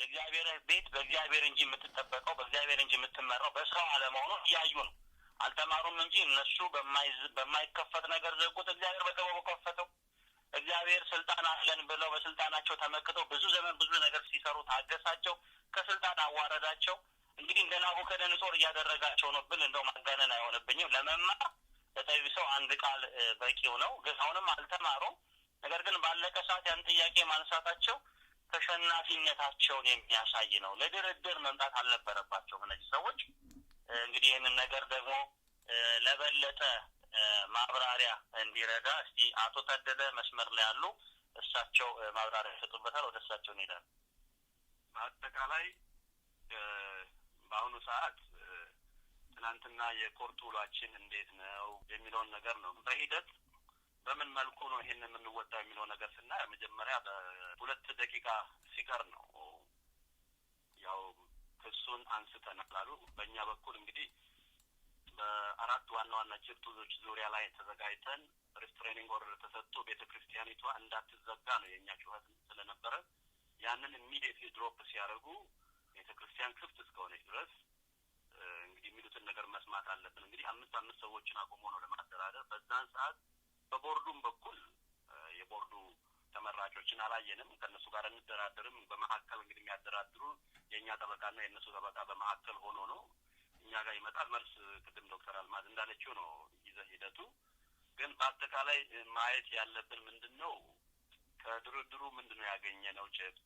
የእግዚአብሔር ቤት በእግዚአብሔር እንጂ የምትጠበቀው በእግዚአብሔር እንጂ የምትመራው በሰው አለመሆኑን እያዩ ነው። አልተማሩም እንጂ እነሱ በማይከፈት ነገር ዘጉት። እግዚአብሔር በጥበቡ ከፈተው። እግዚአብሔር ስልጣን አለን ብለው በስልጣናቸው ተመክተው ብዙ ዘመን ብዙ ነገር ሲሰሩ ታገሳቸው፣ ከስልጣን አዋረዳቸው። እንግዲህ እንደ ናቡከደነጾር እያደረጋቸው ነው ብል እንደው ማጋነን አይሆንብኝም። ለመማር ለጠቢብ ሰው አንድ ቃል በቂው ነው። ግን አሁንም አልተማሩም። ነገር ግን ባለቀ ሰዓት ያን ጥያቄ ማንሳታቸው ተሸናፊነታቸውን የሚያሳይ ነው። ለድርድር መምጣት አልነበረባቸው እነዚህ ሰዎች። እንግዲህ ይህንን ነገር ደግሞ ለበለጠ ማብራሪያ እንዲረዳ እስቲ አቶ ተደደ መስመር ላይ ያሉ እሳቸው ማብራሪያ ይሰጡበታል። ወደ እሳቸው እንሄዳለን። በአጠቃላይ በአሁኑ ሰዓት ትናንትና የኮርት ውሏችን እንዴት ነው የሚለውን ነገር ነው በሂደት በምን መልኩ ነው ይህን የምንወጣው የሚለው ነገር ስናይ መጀመሪያ በሁለት ደቂቃ ሲቀር ነው ያው ክሱን አንስተናል አሉ። በእኛ በኩል እንግዲህ በአራት ዋና ዋና ችርቱዞች ዙሪያ ላይ ተዘጋጅተን ሪስትሬኒንግ ኦርደር ተሰጥቶ ቤተ ክርስቲያኒቷ እንዳትዘጋ ነው የእኛ ጩኸት ስለነበረ ያንን ኢሚዲየትሊ ድሮፕ ሲያደርጉ ቤተ ክርስቲያን ክፍት እስከሆነች ድረስ እንግዲህ የሚሉትን ነገር መስማት አለብን። እንግዲህ አምስት አምስት ሰዎችን አቁሞ ነው ለማደራደር በዛን ሰዓት በቦርዱም በኩል የቦርዱ ተመራጮችን አላየንም። ከእነሱ ጋር እንደራደርም በመካከል እንግዲህ የሚያደራድሩ የእኛ ጠበቃና የእነሱ ጠበቃ በመካከል ሆኖ ነው እኛ ጋር ይመጣል መልስ። ቅድም ዶክተር አልማዝ እንዳለችው ነው ይዘ ሂደቱ ግን በአጠቃላይ ማየት ያለብን ምንድን ነው ከድርድሩ ምንድን ነው ያገኘ ነው ጭብጥ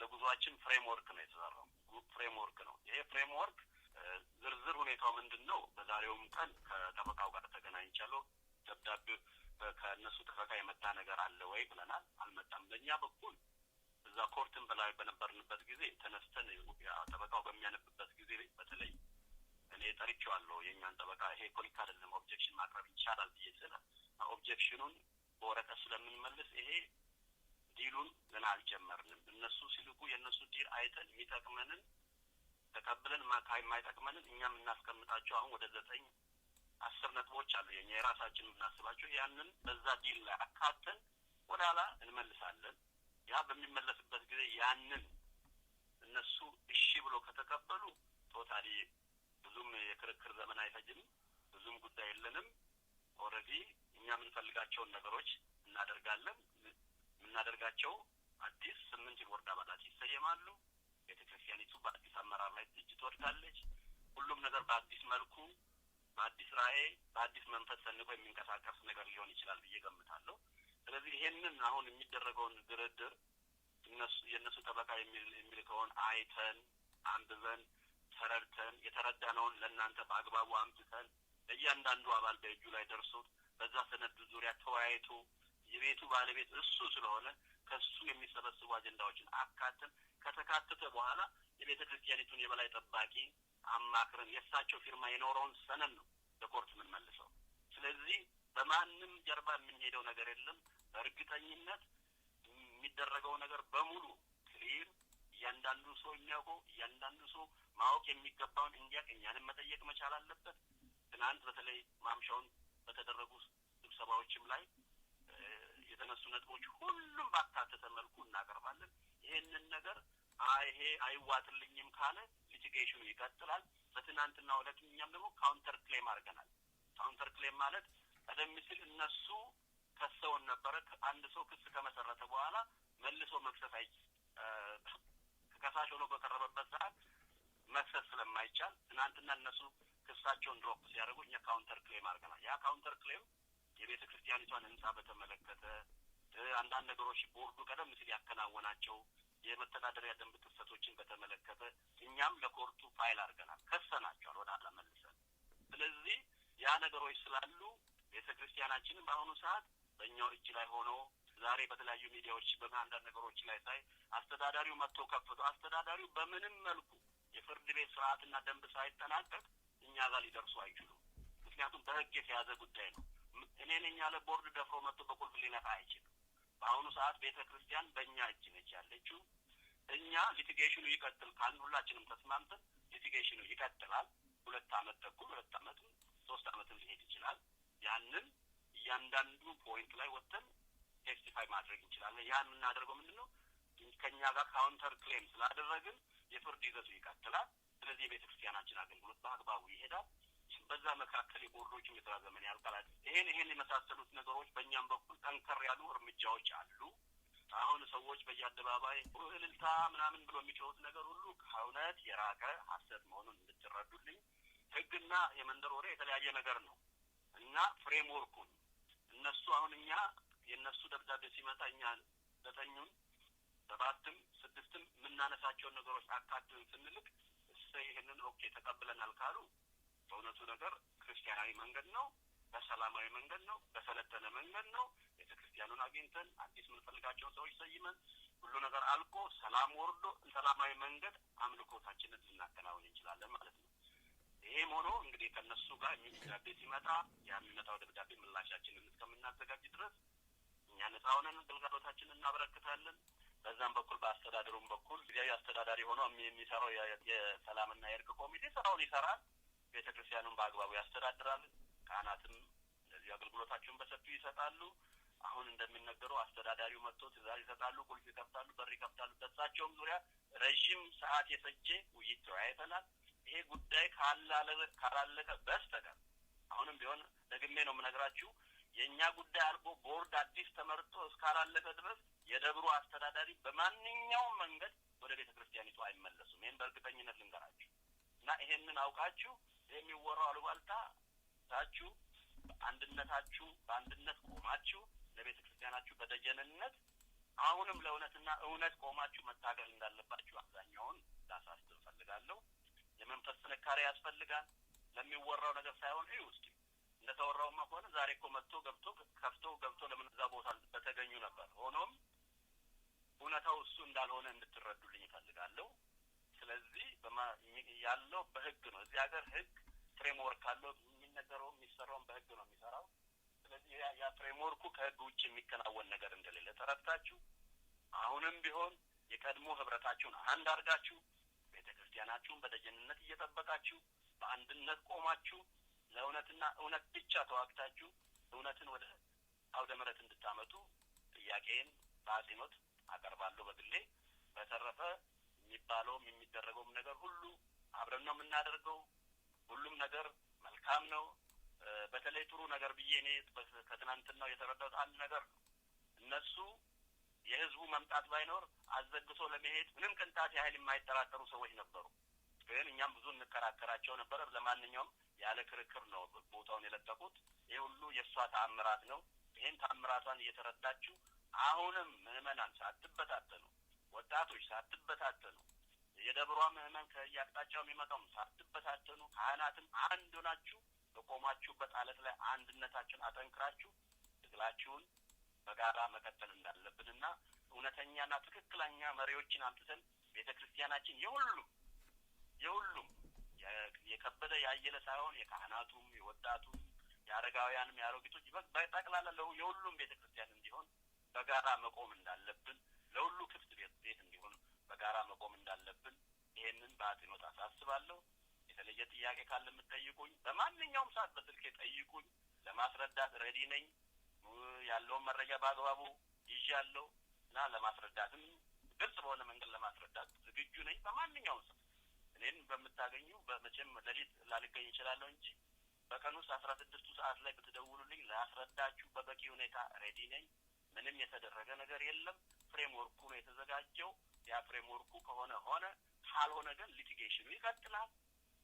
ለጉዟችን ፍሬምወርክ ነው የተሰራው። ፍሬምወርክ ነው። ይሄ ፍሬምወርክ ዝርዝር ሁኔታው ምንድን ነው? በዛሬውም ቀን ከጠበቃው ጋር ተገናኝቻለሁ። ደብዳቤው ከእነሱ ጠበቃ የመጣ ነገር አለ ወይ ብለናል። አልመጣም። በእኛ በኩል እዛ ኮርትን በላይ በነበርንበት ጊዜ ተነስተን ጠበቃው በሚያነብበት ጊዜ በተለይ እኔ ጠርቼዋለሁ የእኛን ጠበቃ። ይሄ ፖሊካ አይደለም ኦብጀክሽን ማቅረብ ይቻላል ብዬ ስለ ኦብጀክሽኑን በወረቀት ስለምንመልስ ይሄ ዲሉን ገና አልጀመርንም። እነሱ ሲልኩ የእነሱ ዲል አይተን የሚጠቅመንን ተቀብለን የማይጠቅመንን እኛም እናስቀምጣቸው አሁን ወደ ዘጠኝ አስር ነጥቦች አሉ የኛ የራሳችን የምናስባቸው ያንን በዛ ዲል ላይ አካተን ወደኋላ እንመልሳለን። ያ በሚመለስበት ጊዜ ያንን እነሱ እሺ ብሎ ከተቀበሉ ቶታሊ ብዙም የክርክር ዘመን አይፈጅም፣ ብዙም ጉዳይ የለንም። ኦልሬዲ እኛ የምንፈልጋቸውን ነገሮች እናደርጋለን። የምናደርጋቸው አዲስ ስምንት የቦርድ አባላት ይሰየማሉ። ቤተክርስቲያኒቱ በአዲስ አመራር ላይ ትጅ ትወድቃለች። ሁሉም ነገር በአዲስ መልኩ በአዲስ ራዕይ በአዲስ መንፈስ ሰንቆ የሚንቀሳቀስ ነገር ሊሆን ይችላል ብዬ ገምታለሁ። ስለዚህ ይሄንን አሁን የሚደረገውን ድርድር እነሱ የእነሱ ጠበቃ የሚልከውን አይተን አንብበን ተረድተን የተረዳነውን ለእናንተ በአግባቡ አምጥተን እያንዳንዱ አባል በእጁ ላይ ደርሶ በዛ ሰነድ ዙሪያ ተወያይቶ የቤቱ ባለቤት እሱ ስለሆነ ከሱ የሚሰበስቡ አጀንዳዎችን አካተን ከተካተተ በኋላ የቤተ ክርስቲያኒቱን የበላይ ጠባቂ አማክረን የእሳቸው ፊርማ የኖረውን ሰነድ ነው ለኮርት የምንመልሰው። ስለዚህ በማንም ጀርባ የምንሄደው ነገር የለም። በእርግጠኝነት የሚደረገው ነገር በሙሉ ክሊር፣ እያንዳንዱ ሰው የሚያውቀው እያንዳንዱ ሰው ማወቅ የሚገባውን እንዲያውቅ እኛንም መጠየቅ መቻል አለበት። ትናንት በተለይ ማምሻውን በተደረጉ ስብሰባዎችም ላይ የተነሱ ነጥቦች ሁሉም ባካተተ መልኩ እናቀርባለን። ይህንን ነገር ይሄ አይዋጥልኝም ካለ ኢንቨስቲጌሽኑ ይቀጥላል። በትናንትና ሁለት እኛም ደግሞ ካውንተር ክሌም አድርገናል። ካውንተር ክሌም ማለት ቀደም ሲል እነሱ ከሰውን ነበረ። አንድ ሰው ክስ ከመሰረተ በኋላ መልሶ መክሰስ አይ ከሳሽ ሆኖ በቀረበበት ሰዓት መክሰስ ስለማይቻል ትናንትና እነሱ ክሳቸውን ድሮፕ ሲያደርጉ እኛ ካውንተር ክሌም አድርገናል። ያ ካውንተር ክሌም የቤተ ክርስቲያኒቷን ህንጻ በተመለከተ አንዳንድ ነገሮች ቦርዱ ቀደም ሲል ያከናወናቸው የመተዳደሪያ ደንብ ጥሰቶችን በተመለከተ እኛም ለኮርቱ ፋይል አድርገናል፣ ከሰናቸዋል ወደ ኋላ መልሰን። ስለዚህ ያ ነገሮች ስላሉ ቤተ ክርስቲያናችንም በአሁኑ ሰዓት በእኛው እጅ ላይ ሆኖ ዛሬ በተለያዩ ሚዲያዎች በአንዳንድ ነገሮች ላይ ሳይ አስተዳዳሪው መጥቶ ከፍቶ አስተዳዳሪው በምንም መልኩ የፍርድ ቤት ስርዓትና ደንብ ሳይጠናቀቅ እኛ ጋር ሊደርሱ አይችሉም። ምክንያቱም በህግ የተያዘ ጉዳይ ነው። እኔ ነኝ ያለ ቦርድ ደፍሮ መጥቶ በቁልፍ ሊነካ አይችልም። በአሁኑ ሰዓት ቤተ ክርስቲያን በእኛ እጅ ነች ያለችው። እኛ ሊቲጌሽኑ ይቀጥል ካልን ሁላችንም ተስማምተን ሊቲጌሽኑ ይቀጥላል። ሁለት አመት ተኩል ሁለት አመትም ሶስት አመትም ሊሄድ ይችላል። ያንን እያንዳንዱ ፖይንት ላይ ወጥተን ቴስቲፋይ ማድረግ እንችላለን። ያን የምናደርገው ምንድን ነው? ከእኛ ጋር ካውንተር ክሌም ስላደረግን የፍርድ ይዘቱ ይቀጥላል። ስለዚህ የቤተ ክርስቲያናችን አገልግሎት በአግባቡ ይሄዳል። በዛ መካከል የቦርዶችም የስራ ዘመን ያልቃላል። ይሄን ይሄን የመሳሰሉት ነገሮች በእኛም በኩል ጠንከር ያሉ እርምጃዎች አሉ። አሁን ሰዎች በየአደባባይ እልልታ ምናምን ብሎ የሚችሉት ነገር ሁሉ ከእውነት የራቀ ሀሰት መሆኑን እንድትረዱልኝ። ህግና የመንደር ወሬ የተለያየ ነገር ነው እና ፍሬምወርኩን እነሱ አሁን እኛ የእነሱ ደብዳቤ ሲመጣ እኛ ዘጠኙን ሰባትም ስድስትም የምናነሳቸውን ነገሮች አካትን ስንልክ እሰ ይህንን ኦኬ ተቀብለናል ካሉ በእውነቱ ነገር ክርስቲያናዊ መንገድ ነው፣ በሰላማዊ መንገድ ነው፣ በሰለጠነ መንገድ ነው። ቤተ ክርስቲያኑን አግኝተን አዲስ የምንፈልጋቸውን ሰዎች ሰይመን ሁሉ ነገር አልቆ ሰላም ወርዶ ሰላማዊ መንገድ አምልኮታችንን ልናከናወን እንችላለን ማለት ነው። ይህም ሆኖ እንግዲህ ከነሱ ጋር የሚል ደብዳቤ ሲመጣ ያ የሚመጣው ደብዳቤ ምላሻችንን እስከምናዘጋጅ ድረስ እኛ ነጻ ሆነን ግልጋሎታችንን እናበረክታለን። በዛም በኩል በአስተዳደሩም በኩል ጊዜያዊ አስተዳዳሪ ሆኖ የሚሰራው የሰላምና የእርቅ ኮሚቴ ስራውን ይሰራል። ቤተ ክርስቲያኑን በአግባቡ ያስተዳድራል። ካህናትም እንደዚህ አገልግሎታቸውን በሰፊው ይሰጣሉ። አሁን እንደሚነገረው አስተዳዳሪው መጥቶ ትእዛዝ ይሰጣሉ፣ ቁልፍ ይከፍታሉ፣ በር ይከፍታሉ። በሳቸውም ዙሪያ ረዥም ሰዓት የፈጀ ውይይት ተወያይተናል። ይሄ ጉዳይ ካላለቀ በስተቀር አሁንም ቢሆን ደግሜ ነው የምነግራችሁ የእኛ ጉዳይ አልቆ ቦርድ አዲስ ተመርጦ እስካላለቀ ድረስ የደብሩ አስተዳዳሪ በማንኛውም መንገድ ወደ ቤተ ክርስቲያኒቱ አይመለሱም። ይህን በእርግጠኝነት ልንገራችሁ እና ይሄንን አውቃችሁ የሚወራው አሉባልታ ታችሁ በአንድነታችሁ በአንድነት ቆማችሁ ለቤተ ክርስቲያናችሁ በደጀንነት አሁንም ለእውነትና እውነት ቆማችሁ መታገል እንዳለባችሁ አብዛኛውን ላሳስብ እፈልጋለሁ። የመንፈስ ጥንካሬ ያስፈልጋል። ለሚወራው ነገር ሳይሆን ይህ ውስጥ እንደተወራው መሆን ዛሬ እኮ መጥቶ ገብቶ ከፍቶ ገብቶ ለምን እዛ ቦታ በተገኙ ነበር። ሆኖም እውነታው እሱ እንዳልሆነ እንድትረዱልኝ እፈልጋለሁ። ስለዚህ ያለው በህግ ነው። እዚህ ሀገር ህግ ፍሬምወርክ አለው። የሚነገረው የሚሰራውን በህግ ነው የሚሰራው። ስለዚህ ያ ፍሬምወርኩ ከህግ ውጭ የሚከናወን ነገር እንደሌለ ተረድታችሁ አሁንም ቢሆን የቀድሞ ህብረታችሁን አንድ አድርጋችሁ ቤተ ክርስቲያናችሁን በደጀንነት እየጠበቃችሁ በአንድነት ቆማችሁ ለእውነትና እውነት ብቻ ተዋግታችሁ እውነትን ወደ አውደ ምሕረት እንድታመጡ ጥያቄን በአጽንኦት አቀርባለሁ በግሌ። በተረፈ የሚባለውም የሚደረገውም ነገር ሁሉ አብረን ነው የምናደርገው። ሁሉም ነገር መልካም ነው። በተለይ ጥሩ ነገር ብዬ እኔ ከትናንትናው የተረዳሁት አንድ ነገር ነው። እነሱ የህዝቡ መምጣት ባይኖር አዘግቶ ለመሄድ ምንም ቅንጣት ያህል የማይጠራጠሩ ሰዎች ነበሩ። ግን እኛም ብዙ እንከራከራቸው ነበረ። ለማንኛውም ያለ ክርክር ነው ቦታውን የለቀቁት። ይህ ሁሉ የእሷ ተአምራት ነው። ይህን ተአምራቷን እየተረዳችሁ አሁንም ምዕመናን ሳትበታተኑ ወጣቶች ሳትበታተኑ የደብሯ ምዕመን ከየአቅጣጫው የሚመጣውም ሳትበታተኑ ካህናትም አንድ ሆናችሁ በቆማችሁበት አለት ላይ አንድነታችን አጠንክራችሁ ትግላችሁን በጋራ መቀጠል እንዳለብንና እውነተኛና ትክክለኛ መሪዎችን አምጥተን ቤተ ክርስቲያናችን የሁሉም የሁሉም የከበደ ያየለ ሳይሆን የካህናቱም፣ የወጣቱም፣ የአረጋውያንም፣ የአሮጊቶች በጠቅላላ የሁሉም ቤተ ክርስቲያን እንዲሆን በጋራ መቆም እንዳለብን ለሁሉ ክፍት በጋራ መቆም እንዳለብን ይሄንን በአጽንኦት አሳስባለሁ። የተለየ ጥያቄ ካለ የምትጠይቁኝ በማንኛውም ሰዓት በስልኬ ጠይቁኝ። ለማስረዳት ረዲ ነኝ። ያለውን መረጃ በአግባቡ ይዣለሁ እና ለማስረዳትም ግልጽ በሆነ መንገድ ለማስረዳት ዝግጁ ነኝ። በማንኛውም ሰዓት እኔን በምታገኙ በመቼም ሌሊት ላልገኝ እችላለሁ እንጂ በቀን ውስጥ አስራ ስድስቱ ሰዓት ላይ ብትደውሉልኝ ላስረዳችሁ በበቂ ሁኔታ ሬዲ ነኝ። ምንም የተደረገ ነገር የለም። ፍሬምወርኩ ነው የተዘጋጀው። ያ ፍሬምወርኩ ከሆነ ሆነ፣ ካልሆነ ግን ሊቲጌሽኑ ይቀጥላል።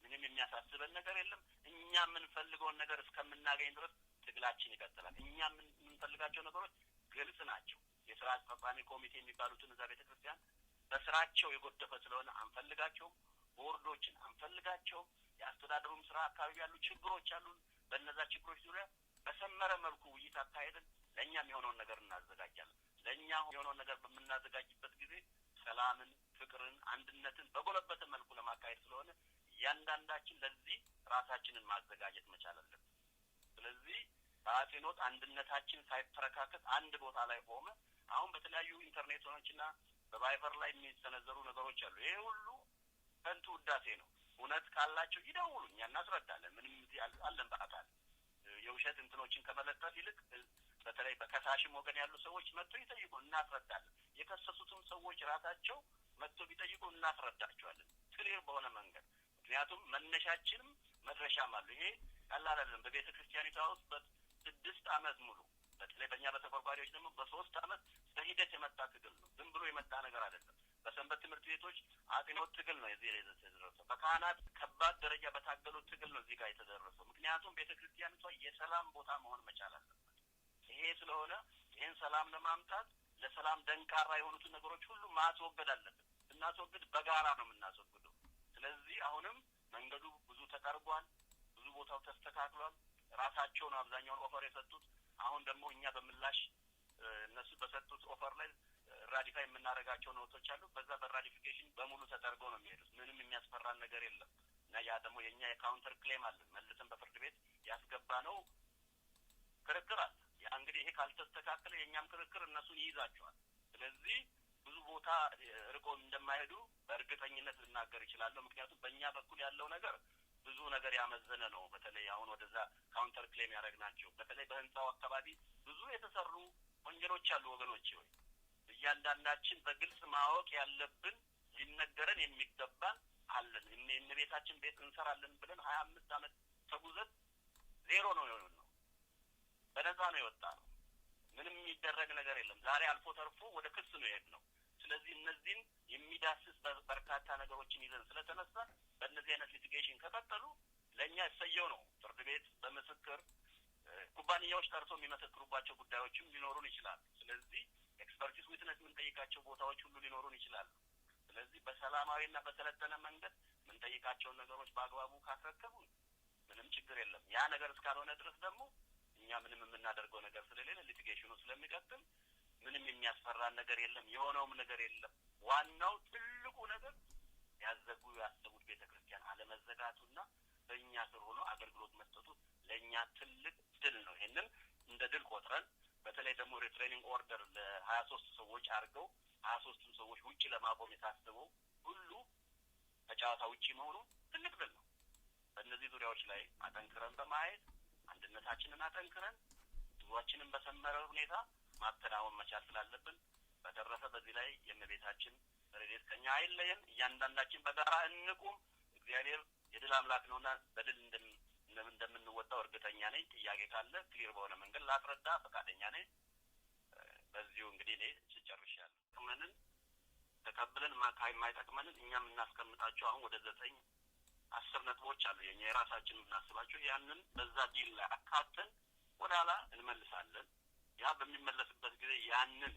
ምንም የሚያሳስበን ነገር የለም። እኛ የምንፈልገውን ነገር እስከምናገኝ ድረስ ትግላችን ይቀጥላል። እኛ የምንፈልጋቸው ነገሮች ግልጽ ናቸው። የስራ አስፈጻሚ ኮሚቴ የሚባሉትን እዛ ቤተ ክርስቲያን በስራቸው የጎደፈ ስለሆነ አንፈልጋቸውም። ቦርዶችን አንፈልጋቸውም። የአስተዳደሩም ስራ አካባቢ ያሉ ችግሮች አሉን። በእነዛ ችግሮች ዙሪያ በሰመረ መልኩ ውይይት አካሄድን። ለእኛ የሚሆነውን ነገር እናዘጋጃለን። ለእኛ የሆነውን ነገር በምናዘጋጅበት ጊዜ ሰላምን፣ ፍቅርን፣ አንድነትን በጎለበተ መልኩ ለማካሄድ ስለሆነ እያንዳንዳችን ለዚህ ራሳችንን ማዘጋጀት መቻል አለብን። ስለዚህ በአጼኖት አንድነታችን ሳይፈረካከት አንድ ቦታ ላይ ቆመ። አሁን በተለያዩ ኢንተርኔቶችና በቫይበር ላይ የሚሰነዘሩ ነገሮች አሉ። ይሄ ሁሉ ከንቱ ውዳሴ ነው። እውነት ካላቸው ይደውሉ፣ እኛ እናስረዳለን። ምንም አለን በአካል የውሸት እንትኖችን ከመለጠፍ ይልቅ በተለይ በከሳሽም ወገን ያሉ ሰዎች መጥቶ ይጠይቁ፣ እናስረዳለን። የከሰሱትም ሰዎች ራሳቸው መጥቶ ቢጠይቁ እናስረዳቸዋለን፣ ክሊር በሆነ መንገድ። ምክንያቱም መነሻችንም መድረሻም አሉ። ይሄ ቀላል አይደለም። በቤተ ክርስቲያኒቷ ውስጥ ስድስት አመት ሙሉ በተለይ በእኛ በተቆርቋሪዎች ደግሞ በሶስት አመት በሂደት የመጣ ትግል ነው። ዝም ብሎ የመጣ ነገር አይደለም። በሰንበት ትምህርት ቤቶች አጥኖት ትግል ነው የዚህ የተደረሰው። በካህናት ከባድ ደረጃ በታገሉት ትግል ነው እዚህ ጋር የተደረሰው። ምክንያቱም ቤተ ክርስቲያኒቷ የሰላም ቦታ መሆን መቻል አለበት። ይሄ ስለሆነ ይህን ሰላም ለማምጣት ለሰላም ደንካራ የሆኑትን ነገሮች ሁሉ ማስወገድ አለብን። ብናስወግድ በጋራ ነው የምናስወግደው። ስለዚህ አሁንም መንገዱ ብዙ ተጠርጓል፣ ብዙ ቦታው ተስተካክሏል። ነው አብዛኛውን ኦፈር የሰጡት አሁን ደግሞ እኛ በምላሽ እነሱ በሰጡት ኦፈር ላይ ራዲፋይ የምናደርጋቸው ነውቶች አሉ። በዛ በራዲፊኬሽን በሙሉ ተጠርገው ነው የሚሄዱት። ምንም የሚያስፈራን ነገር የለም እና ያ ደግሞ የእኛ የካውንተር ክሌም አለን መልሰን በፍርድ ቤት ያስገባ ነው ክርክር አለ እንግዲህ ይሄ ካልተስተካከለ የእኛም ክርክር እነሱን ይይዛቸዋል። ስለዚህ ብዙ ቦታ ርቆ እንደማይሄዱ በእርግጠኝነት ልናገር ይችላለሁ። ምክንያቱም በእኛ በኩል ያለው ነገር ብዙ ነገር ያመዘነ ነው። በተለይ አሁን ወደዛ ካውንተር ክሌም ያደረግ ናቸው። በተለይ በህንፃው አካባቢ ብዙ የተሰሩ ወንጀሎች አሉ ወገኖች ወይ እያንዳንዳችን በግልጽ ማወቅ ያለብን ሊነገረን የሚገባ አለን። እነ ቤታችን ቤት እንሰራለን ብለን ሀያ አምስት አመት ተጉዘት ዜሮ ነው የሆነው በነፃ ነው የወጣ ነው። ምንም የሚደረግ ነገር የለም። ዛሬ አልፎ ተርፎ ወደ ክስ ነው የሄድ ነው። ስለዚህ እነዚህን የሚዳስስ በርካታ ነገሮችን ይዘን ስለተነሳ በእነዚህ አይነት ሊቲጌሽን ከቀጠሉ ለእኛ እሰየው ነው። ፍርድ ቤት በምስክር ኩባንያዎች ጠርቶ የሚመሰክሩባቸው ጉዳዮችም ሊኖሩን ይችላል። ስለዚህ ኤክስፐርቲስ ዊትነስ የምንጠይቃቸው ቦታዎች ሁሉ ሊኖሩን ይችላሉ። ስለዚህ በሰላማዊና በሰለጠነ መንገድ የምንጠይቃቸውን ነገሮች በአግባቡ ካስረከቡ ምንም ችግር የለም። ያ ነገር እስካልሆነ ድረስ ደግሞ እኛ ምንም የምናደርገው ነገር ስለሌለ ሊቲጌሽኑ ስለሚቀጥል ምንም የሚያስፈራን ነገር የለም፣ የሆነውም ነገር የለም። ዋናው ትልቁ ነገር ያዘጉ ያሰቡት ቤተ ክርስቲያን አለመዘጋቱና በእኛ ስር ሆኖ አገልግሎት መስጠቱ ለእኛ ትልቅ ድል ነው። ይህንን እንደ ድል ቆጥረን በተለይ ደግሞ ሪትሬኒንግ ኦርደር ለሀያ ሶስት ሰዎች አድርገው ሀያ ሶስቱም ሰዎች ውጭ ለማቆም የታስበው ሁሉ ከጨዋታ ውጭ መሆኑ ትልቅ ድል ነው። በእነዚህ ዙሪያዎች ላይ አጠንክረን በማየት አንድነታችንን አጠንክረን ህዝባችንን በሰመረ ሁኔታ ማተናወን መቻል ስላለብን፣ በተረፈ በዚህ ላይ የእመቤታችን ረድኤት ከኛ አይለየን። እያንዳንዳችን በጋራ እንቁም። እግዚአብሔር የድል አምላክ ነውና በድል እንደምንወጣው እርግጠኛ ነኝ። ጥያቄ ካለ ክሊር በሆነ መንገድ ላስረዳ ፈቃደኛ ነኝ። በዚሁ እንግዲህ እኔ ስጨርሻለሁ። ጥቅመንን ተቀብለን የማይጠቅመንን እኛም እናስቀምጣቸው አሁን ወደ ዘጠኝ አስር ነጥቦች አሉ የኛ የራሳችን የምናስባቸው ያንን በዛ ዲል ላይ አካተን ወደኋላ እንመልሳለን። ያ በሚመለስበት ጊዜ ያንን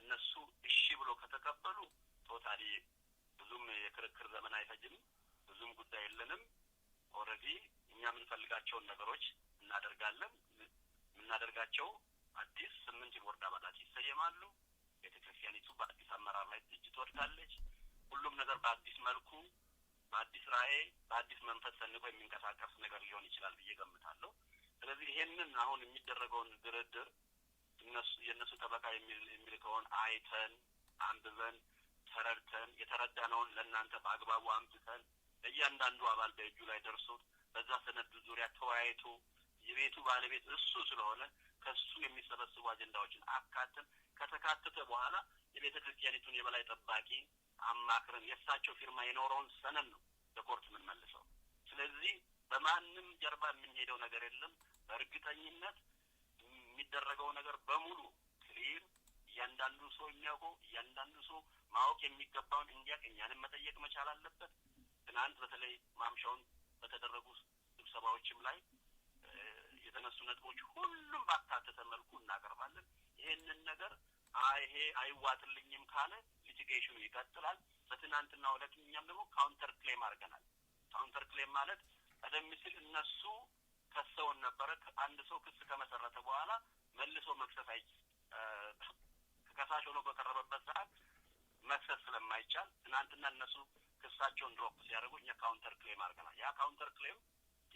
እነሱ እሺ ብሎ ከተቀበሉ ቶታሊ ብዙም የክርክር ዘመን አይፈጅም፣ ብዙም ጉዳይ የለንም። ኦልሬዲ እኛ የምንፈልጋቸውን ነገሮች እናደርጋለን። የምናደርጋቸው አዲስ ስምንት የቦርድ አባላት ይሰየማሉ። ቤተክርስቲያኒቱ በአዲስ አመራር ላይ ትጅ ትወድቃለች። ሁሉም ነገር በአዲስ መልኩ በአዲስ ራዕይ በአዲስ መንፈስ ሰንቆ የሚንቀሳቀስ ነገር ሊሆን ይችላል ብዬ ገምታለሁ። ስለዚህ ይሄንን አሁን የሚደረገውን ድርድር እነሱ የእነሱ ጠበቃ የሚልከውን አይተን አንብበን ተረድተን የተረዳነውን ለእናንተ በአግባቡ አምጥተን ለእያንዳንዱ አባል በእጁ ላይ ደርሶ በዛ ሰነድ ዙሪያ ተወያይቶ የቤቱ ባለቤት እሱ ስለሆነ ከሱ የሚሰበስቡ አጀንዳዎችን አካተን ከተካተተ በኋላ የቤተ ክርስቲያኒቱን የበላይ ጠባቂ አማክረን የእሳቸው ፊርማ የኖረውን ሰነድ ነው ለኮርት የምንመልሰው። ስለዚህ በማንም ጀርባ የምንሄደው ነገር የለም። በእርግጠኝነት የሚደረገው ነገር በሙሉ ክሊር፣ እያንዳንዱ ሰው የሚያውቀው እያንዳንዱ ሰው ማወቅ የሚገባውን እንዲያውቅ እኛንም መጠየቅ መቻል አለበት። ትናንት በተለይ ማምሻውን በተደረጉ ስብሰባዎችም ላይ የተነሱ ነጥቦች ሁሉም ባካተተ መልኩ እናቀርባለን። ይህንን ነገር ይሄ አይዋጥልኝም ካለ ኢንቨስቲጌሽኑ ይቀጥላል። በትናንትና ዕለት እኛም ደግሞ ካውንተር ክሌም አድርገናል። ካውንተር ክሌም ማለት ቀደም ሲል እነሱ ከሰውን ነበረ። አንድ ሰው ክስ ከመሰረተ በኋላ መልሶ መክሰስ አይ ከሳሽ ሆኖ በቀረበበት ሰዓት መክሰስ ስለማይቻል ትናንትና እነሱ ክሳቸውን ድሮፕ ሲያደርጉ እኛ ካውንተር ክሌም አድርገናል። ያ ካውንተር ክሌም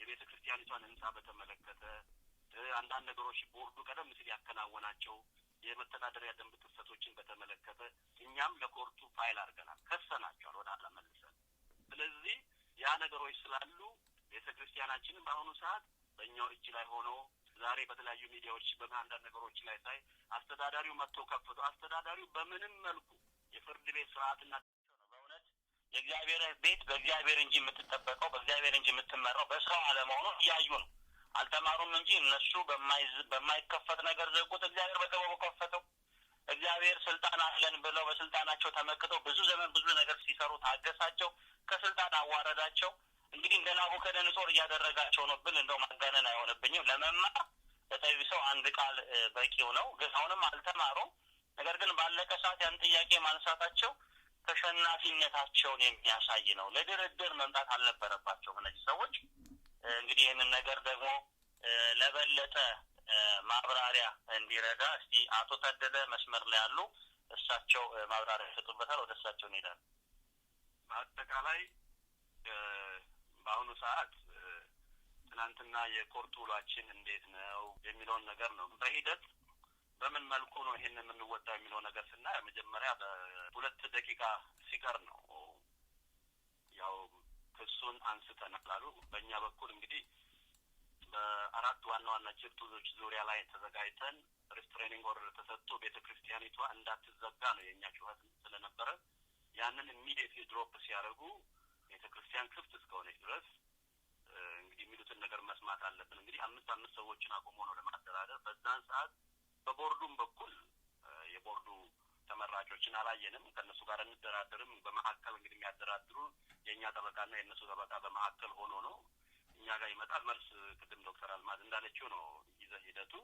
የቤተ ክርስቲያኒቷን ሕንጻ በተመለከተ አንዳንድ ነገሮች ቦርዱ ቀደም ሲል ያከናወናቸው የመተዳደሪያ ደንብ ጥሰቶችን በተመለከተ እኛም ለኮርቱ ፋይል አድርገናል፣ ከሰናቸዋል ወደ አላ መልሰን። ስለዚህ ያ ነገሮች ስላሉ ቤተ ክርስቲያናችንም በአሁኑ ሰዓት በእኛው እጅ ላይ ሆኖ ዛሬ በተለያዩ ሚዲያዎች በአንዳንድ ነገሮች ላይ ሳይ አስተዳዳሪው መጥቶ ከፍቶ አስተዳዳሪው በምንም መልኩ የፍርድ ቤት ስርዓትና የእግዚአብሔር ቤት በእግዚአብሔር እንጂ የምትጠበቀው በእግዚአብሔር እንጂ የምትመራው በሰው አለመሆኑ እያዩ ነው። አልተማሩም እንጂ እነሱ በማይከፈት ነገር ዘጉት። እግዚአብሔር በጥበቡ ከፈተው። እግዚአብሔር ስልጣን አለን ብለው በስልጣናቸው ተመክተው ብዙ ዘመን ብዙ ነገር ሲሰሩ ታገሳቸው፣ ከስልጣን አዋረዳቸው። እንግዲህ እንደ ናቡከደነጾር እያደረጋቸው ነው ብል እንደው ማጋነን አይሆንብኝም። ለመማር ለጠቢ ሰው አንድ ቃል በቂው ነው። ግን አሁንም አልተማሩም። ነገር ግን ባለቀ ሰዓት ያን ጥያቄ ማንሳታቸው ተሸናፊነታቸውን የሚያሳይ ነው። ለድርድር መምጣት አልነበረባቸውም እነዚህ ሰዎች። እንግዲህ ይህንን ነገር ደግሞ ለበለጠ ማብራሪያ እንዲረዳ እስቲ አቶ ታደለ መስመር ላይ ያሉ እሳቸው ማብራሪያ ይሰጡበታል። ወደ እሳቸው እንሄዳለን። በአጠቃላይ በአሁኑ ሰዓት ትናንትና የኮርት ውሏችን እንዴት ነው የሚለውን ነገር ነው። በሂደት በምን መልኩ ነው ይሄን የምንወጣው የሚለው ነገር ስናይ መጀመሪያ በሁለት ደቂቃ ሲቀር ነው ያው ክሱን አንስተናል አሉ። በእኛ በኩል እንግዲህ በአራት ዋና ዋና ችርቱዞች ዙሪያ ላይ ተዘጋጅተን ሪስትሬኒንግ ኦርደር ተሰጥቶ ቤተ ክርስቲያኒቷ እንዳትዘጋ ነው የእኛ ጩኸት ስለነበረ ያንን ኢሚዲየትሊ ድሮፕ ሲያደርጉ ቤተ ክርስቲያን ክፍት እስከሆነች ድረስ እንግዲህ የሚሉትን ነገር መስማት አለብን። እንግዲህ አምስት አምስት ሰዎችን አቁሞ ነው ለማደራደር በዛን ሰዓት በቦርዱም በኩል የቦርዱ ተመራጮችን አላየንም። ከእነሱ ጋር እንደራደርም። በመካከል እንግዲህ የሚያደራድሩ የእኛ ጠበቃና የእነሱ ጠበቃ በመካከል ሆኖ ነው እኛ ጋር ይመጣል መልስ። ቅድም ዶክተር አልማዝ እንዳለችው ነው ይዘ ሂደቱ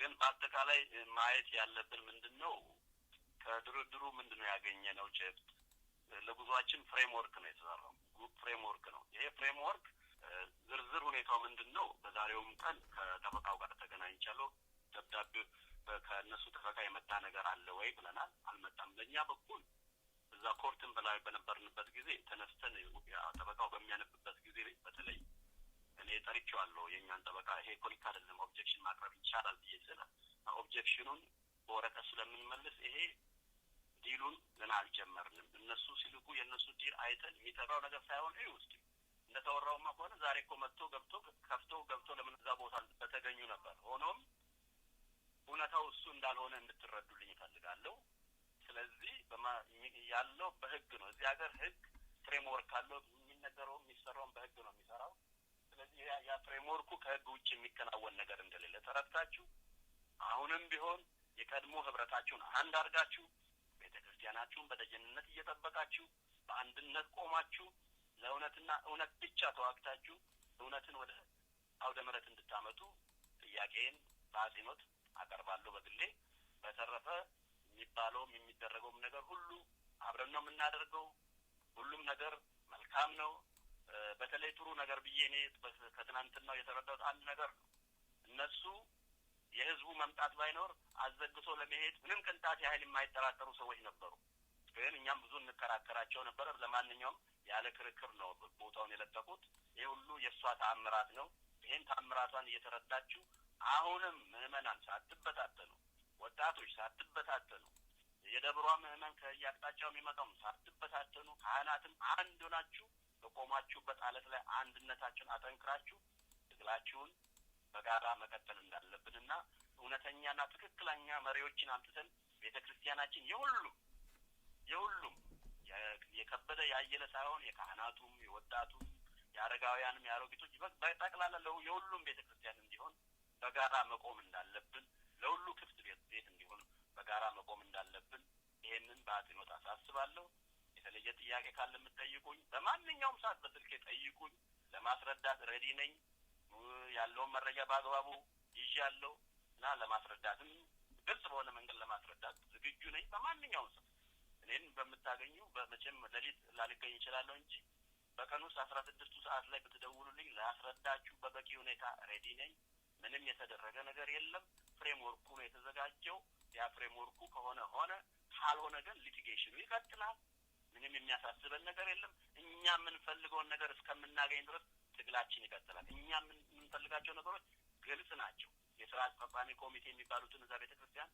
ግን በአጠቃላይ ማየት ያለብን ምንድን ነው ከድርድሩ ምንድን ነው ያገኘ ነው ጭብጥ ለጉዟችን ፍሬምወርክ ነው የተሰራው። ፍሬምወርክ ነው ይሄ ፍሬምወርክ ዝርዝር ሁኔታው ምንድን ነው? በዛሬውም ቀን ከጠበቃው ጋር ተገናኝቻለሁ። ደብዳቤ ከእነሱ ትረካ የመጣ ነገር አለ ወይ ብለናል። አልመጣም። በእኛ በኩል እዛ ኮርትን በላይ በነበርንበት ጊዜ ተነስተን ጠበቃው በሚያነብበት ጊዜ በተለይ እኔ ጠርቼዋለሁ የእኛን ጠበቃ ይሄ ፖለቲካ አይደለም ኦብጀክሽን ማቅረብ ይቻላል ብዬ ስለ ኦብጀክሽኑን በወረቀት ስለምንመልስ ይሄ ዲሉን ገና አልጀመርንም። እነሱ ሲልኩ የእነሱ ዲል አይተን የሚጠራው ነገር ሳይሆን ይህ ውስጥ እንደተወራውማ ከሆነ ዛሬ እኮ መጥቶ ገብቶ ከፍቶ ገብ እንደሆነ እንድትረዱልኝ ይፈልጋለሁ። ስለዚህ ያለው በህግ ነው። እዚህ ሀገር ህግ ፍሬምወርክ አለው። የሚነገረው የሚሰራውን በህግ ነው የሚሰራው። ስለዚህ ያ ፍሬምወርኩ ከህግ ውጭ የሚከናወን ነገር እንደሌለ ተረድታችሁ አሁንም ቢሆን የቀድሞ ህብረታችሁን አንድ አድርጋችሁ ቤተ ክርስቲያናችሁን በደጀንነት እየጠበቃችሁ በአንድነት ቆማችሁ ለእውነትና እውነት ብቻ ተዋግታችሁ እውነትን ወደ አውደ ምረት እንድታመጡ ጥያቄን በአጽንኦት አቀርባለሁ በግሌ። በተረፈ የሚባለውም የሚደረገውም ነገር ሁሉ አብረን ነው የምናደርገው። ሁሉም ነገር መልካም ነው። በተለይ ጥሩ ነገር ብዬ እኔ ከትናንትናው የተረዳሁት አንድ ነገር ነው። እነሱ የህዝቡ መምጣት ባይኖር አዘግቶ ለመሄድ ምንም ቅንጣት ያህል የማይጠራጠሩ ሰዎች ነበሩ። ግን እኛም ብዙ እንከራከራቸው ነበረ። ለማንኛውም ያለ ክርክር ነው ቦታውን የለቀቁት። ይህ ሁሉ የእሷ ተአምራት ነው። ይህን ተአምራቷን እየተረዳችው አሁንም ምዕመናን ሳትበታተኑ ወጣቶች ሳትበታተኑ የደብሯ ምዕመን ከየአቅጣጫው የሚመጣውም ሳትበታተኑ ካህናትም አንድ ሆናችሁ በቆማችሁበት አለት ላይ አንድነታችን አጠንክራችሁ ትግላችሁን በጋራ መቀጠል እንዳለብንና እውነተኛና ትክክለኛ መሪዎችን አምጥተን ቤተ ክርስቲያናችን የሁሉም የሁሉም የከበደ ያየለ ሳይሆን የካህናቱም፣ የወጣቱም፣ የአረጋውያንም፣ የአሮጊቶች በጠቅላላ የሁሉም ቤተ ክርስቲያን እንዲሆን በጋራ መቆም እንዳለብን ለሁሉ ክፍት ቤት ቤት እንዲሆን በጋራ መቆም እንዳለብን ይህንን በአጽንኦት አሳስባለሁ። የተለየ ጥያቄ ካለ የምትጠይቁኝ በማንኛውም ሰዓት በስልኬ ጠይቁኝ። ለማስረዳት ረዲ ነኝ። ያለውን መረጃ በአግባቡ ይዣለሁ እና ለማስረዳትም ግልጽ በሆነ መንገድ ለማስረዳት ዝግጁ ነኝ። በማንኛውም ሰዓት እኔን በምታገኙ በመቼም ሌሊት ላልገኝ እችላለሁ እንጂ በቀን ውስጥ አስራ ስድስቱ ሰዓት ላይ ብትደውሉልኝ ላስረዳችሁ በበቂ ሁኔታ ሬዲ ነኝ። ምንም የተደረገ ነገር የለም። ፍሬምወርኩ ነው የተዘጋጀው። ያ ፍሬምወርኩ ከሆነ ሆነ፣ ካልሆነ ግን ሊቲጌሽኑ ይቀጥላል። ምንም የሚያሳስበን ነገር የለም። እኛ የምንፈልገውን ነገር እስከምናገኝ ድረስ ትግላችን ይቀጥላል። እኛ የምንፈልጋቸው ነገሮች ግልጽ ናቸው። የስራ አስፈጻሚ ኮሚቴ የሚባሉትን እዛ ቤተ ክርስቲያን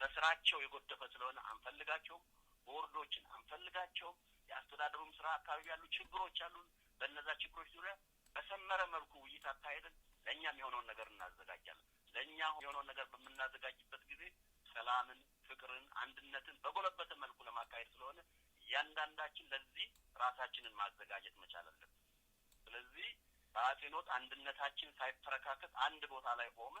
በስራቸው የጎደፈ ስለሆነ አንፈልጋቸውም። ቦርዶችን አንፈልጋቸውም። የአስተዳደሩም ስራ አካባቢ ያሉ ችግሮች አሉን። በእነዛ ችግሮች ዙሪያ በሰመረ መልኩ ውይይት አካሄድን ለእኛ የሚሆነውን ነገር እናዘጋጃለን። ለእኛ የሆነውን ነገር በምናዘጋጅበት ጊዜ ሰላምን፣ ፍቅርን፣ አንድነትን በጎለበተ መልኩ ለማካሄድ ስለሆነ እያንዳንዳችን ለዚህ ራሳችንን ማዘጋጀት መቻል አለብን። ስለዚህ በአጼኖት አንድነታችን ሳይፈረካከት አንድ ቦታ ላይ ቆመ።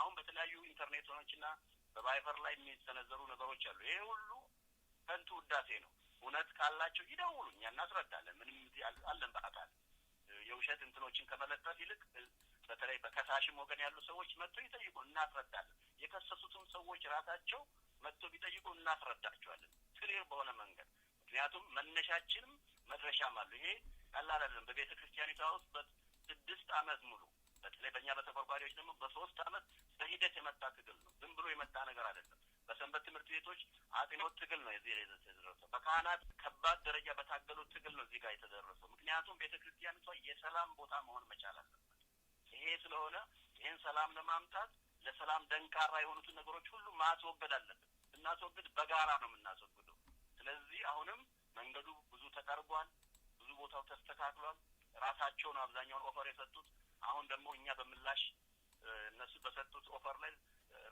አሁን በተለያዩ ኢንተርኔቶችና በቫይበር ላይ የሚሰነዘሩ ነገሮች አሉ። ይሄ ሁሉ ከንቱ ውዳሴ ነው። እውነት ካላቸው ይደውሉ፣ እኛ እናስረዳለን። ምንም አለን በአካል የውሸት እንትኖችን ከመለጠፍ ይልቅ በተለይ በከሳሽም ወገን ያሉ ሰዎች መጥቶ ይጠይቁ፣ እናስረዳለን። የከሰሱትም ሰዎች ራሳቸው መጥቶ ቢጠይቁ እናስረዳቸዋለን ክሊር በሆነ መንገድ። ምክንያቱም መነሻችንም መድረሻም አሉ። ይሄ ቀላል አይደለም። በቤተ ክርስቲያኒቷ ውስጥ በስድስት ዓመት ሙሉ በተለይ በእኛ በተቆርቋሪዎች ደግሞ በሶስት አመት በሂደት የመጣ ትግል ነው። ዝም ብሎ የመጣ ነገር አይደለም። በሰንበት ትምህርት ቤቶች አጥኖት ትግል ነው የዚህ የተደረሰው። በካህናት ከባድ ደረጃ በታገሉ ትግል ነው እዚህ ጋር የተደረሰው። ምክንያቱም ቤተ ክርስቲያኒቷ የሰላም ቦታ መሆን መቻል ይሄ ስለሆነ ይህን ሰላም ለማምጣት ለሰላም ደንቃራ የሆኑትን ነገሮች ሁሉ ማስወገድ አለብን። ስናስወግድ በጋራ ነው የምናስወግደው። ስለዚህ አሁንም መንገዱ ብዙ ተጠርጓል ብዙ ቦታው ተስተካክሏል። ራሳቸውን አብዛኛውን ኦፈር የሰጡት አሁን ደግሞ እኛ በምላሽ እነሱ በሰጡት ኦፈር ላይ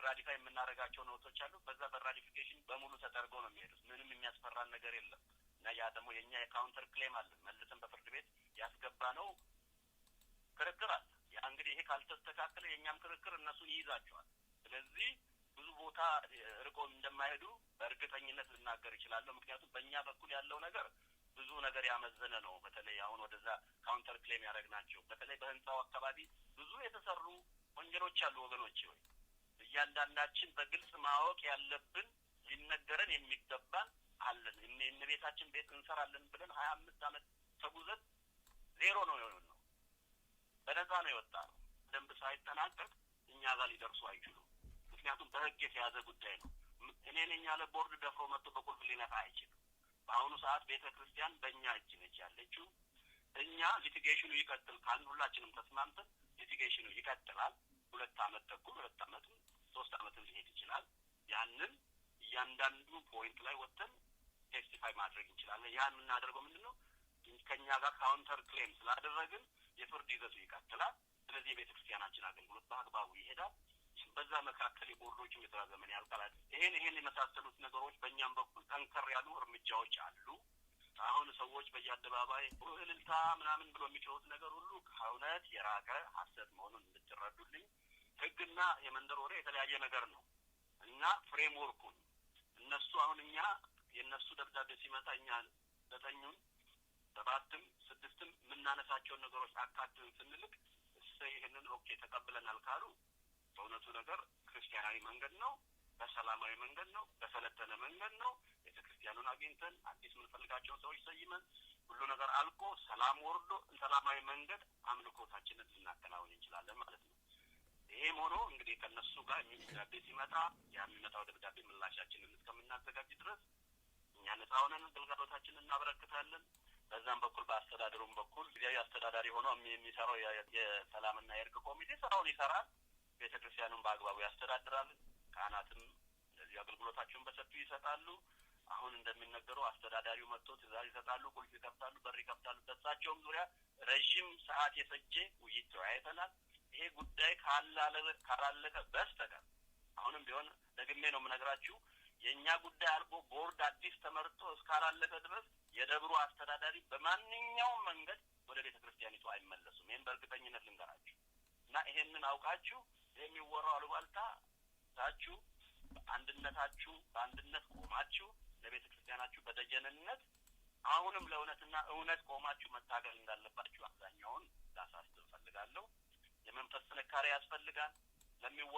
ራዲፋይ የምናደርጋቸው ነውቶች አሉ። በዛ በራዲፊኬሽን በሙሉ ተጠርጎ ነው የሚሄዱት። ምንም የሚያስፈራን ነገር የለም እና ያ ደግሞ የእኛ የካውንተር ክሌም አለን መልሰን በፍርድ ቤት ያስገባ ነው ክርክር አለ ይሄ ካልተስተካከለ የእኛም ክርክር እነሱን ይይዛቸዋል። ስለዚህ ብዙ ቦታ ርቆ እንደማይሄዱ በእርግጠኝነት ልናገር እችላለሁ። ምክንያቱም በእኛ በኩል ያለው ነገር ብዙ ነገር ያመዘነ ነው። በተለይ አሁን ወደዛ ካውንተር ክሌም ያደረግናቸው በተለይ በህንፃው አካባቢ ብዙ የተሰሩ ወንጀሎች አሉ ወገኖች ወይ እያንዳንዳችን በግልጽ ማወቅ ያለብን ሊነገረን የሚገባን አለን። እነ ቤታችን ቤት እንሰራለን ብለን ሀያ አምስት አመት ተጉዘት ዜሮ ነው የሆነው። በነፃ ነው የወጣ ነው። ደንብ ሳይጠናቀቅ እኛ ጋር ሊደርሱ አይችሉም። ምክንያቱም በህግ የተያዘ ጉዳይ ነው። እኔ ነኝ ያለ ቦርድ ደፍሮ መጥቶ በቁልፍ ሊነካ አይችልም። በአሁኑ ሰዓት ቤተ ክርስቲያን በእኛ እጅ ነች ያለችው። እኛ ሊቲጌሽኑ ይቀጥል ካልን ሁላችንም ተስማምተን ሊቲጌሽኑ ይቀጥላል። ሁለት አመት ተኩል ሁለት አመትም ሶስት አመትም ሊሄድ ይችላል። ያንን እያንዳንዱ ፖይንት ላይ ወጥተን ቴስቲፋይ ማድረግ እንችላለን። ያን የምናደርገው ምንድን ነው? ከእኛ ጋር ካውንተር ክሌም ስላደረግን የፍርድ ይዘቱ ይቀጥላል። ስለዚህ የቤተክርስቲያናችን አገልግሎት በአግባቡ ይሄዳል። በዛ መካከል የቦርዶች የስራ ዘመን ያልቃላል። ይሄን ይሄን የመሳሰሉት ነገሮች በእኛም በኩል ጠንከር ያሉ እርምጃዎች አሉ። አሁን ሰዎች በየአደባባይ እልልታ ምናምን ብሎ የሚችሉት ነገር ሁሉ ከእውነት የራቀ ሀሰት መሆኑን እንድትረዱልኝ። ህግና የመንደር ወሬ የተለያየ ነገር ነው እና ፍሬምወርኩን እነሱ አሁን እኛ የእነሱ ደብዳቤ ሲመጣ እኛ ዘጠኙን ሰባትም ስድስትም የምናነሳቸውን ነገሮች አካትን ስንልክ ይህንን ኦኬ ተቀብለናል ካሉ በእውነቱ ነገር ክርስቲያናዊ መንገድ ነው፣ በሰላማዊ መንገድ ነው፣ በሰለጠነ መንገድ ነው። ቤተ ክርስቲያኑን አግኝተን አዲስ የምንፈልጋቸውን ሰዎች ሰይመን ሁሉ ነገር አልቆ ሰላም ወርዶ ሰላማዊ መንገድ አምልኮታችንን ልናከናወን እንችላለን ማለት ነው። ይሄም ሆኖ እንግዲህ ከነሱ ጋር የሚል ደብዳቤ ሲመጣ የሚመጣው ደብዳቤ ምላሻችንን እስከምናዘጋጅ ድረስ እኛ ነፃ ሆነን ግልጋሎታችንን እናበረክታለን። በዛም በኩል በአስተዳደሩም በኩል ጊዜያዊ አስተዳዳሪ ሆኖ የሚሰራው የሰላምና የእርቅ ኮሚቴ ስራውን ይሰራል። ቤተ ክርስቲያኑን በአግባቡ ያስተዳድራል። ካህናትም እንደዚሁ አገልግሎታቸውን በሰፊው ይሰጣሉ። አሁን እንደሚነገረው አስተዳዳሪው መጥቶ ትእዛዝ ይሰጣሉ፣ ቁልፍ ይከፍታሉ፣ በር ይከፍታሉ። በሳቸውም ዙሪያ ረዥም ሰዓት የፈጀ ውይይት ተወያይተናል። ይሄ ጉዳይ ካላለቀ በስተቀር አሁንም ቢሆን ደግሜ ነው የምነግራችሁ የእኛ ጉዳይ አልቆ ቦርድ አዲስ ተመርጦ እስካላለቀ ድረስ የደብሩ አስተዳዳሪ በማንኛውም መንገድ ወደ ቤተ ክርስቲያኒቱ አይመለሱም። ይህን በእርግጠኝነት ልንገራችሁ እና ይሄንን አውቃችሁ የሚወራው አሉባልታ ታችሁ በአንድነታችሁ በአንድነት ቆማችሁ ለቤተ ክርስቲያናችሁ በደጀንነት አሁንም ለእውነትና እውነት ቆማችሁ መታገል እንዳለባችሁ አብዛኛውን ላሳስብ እፈልጋለሁ። የመንፈስ ጥንካሬ ያስፈልጋል። ለሚወራ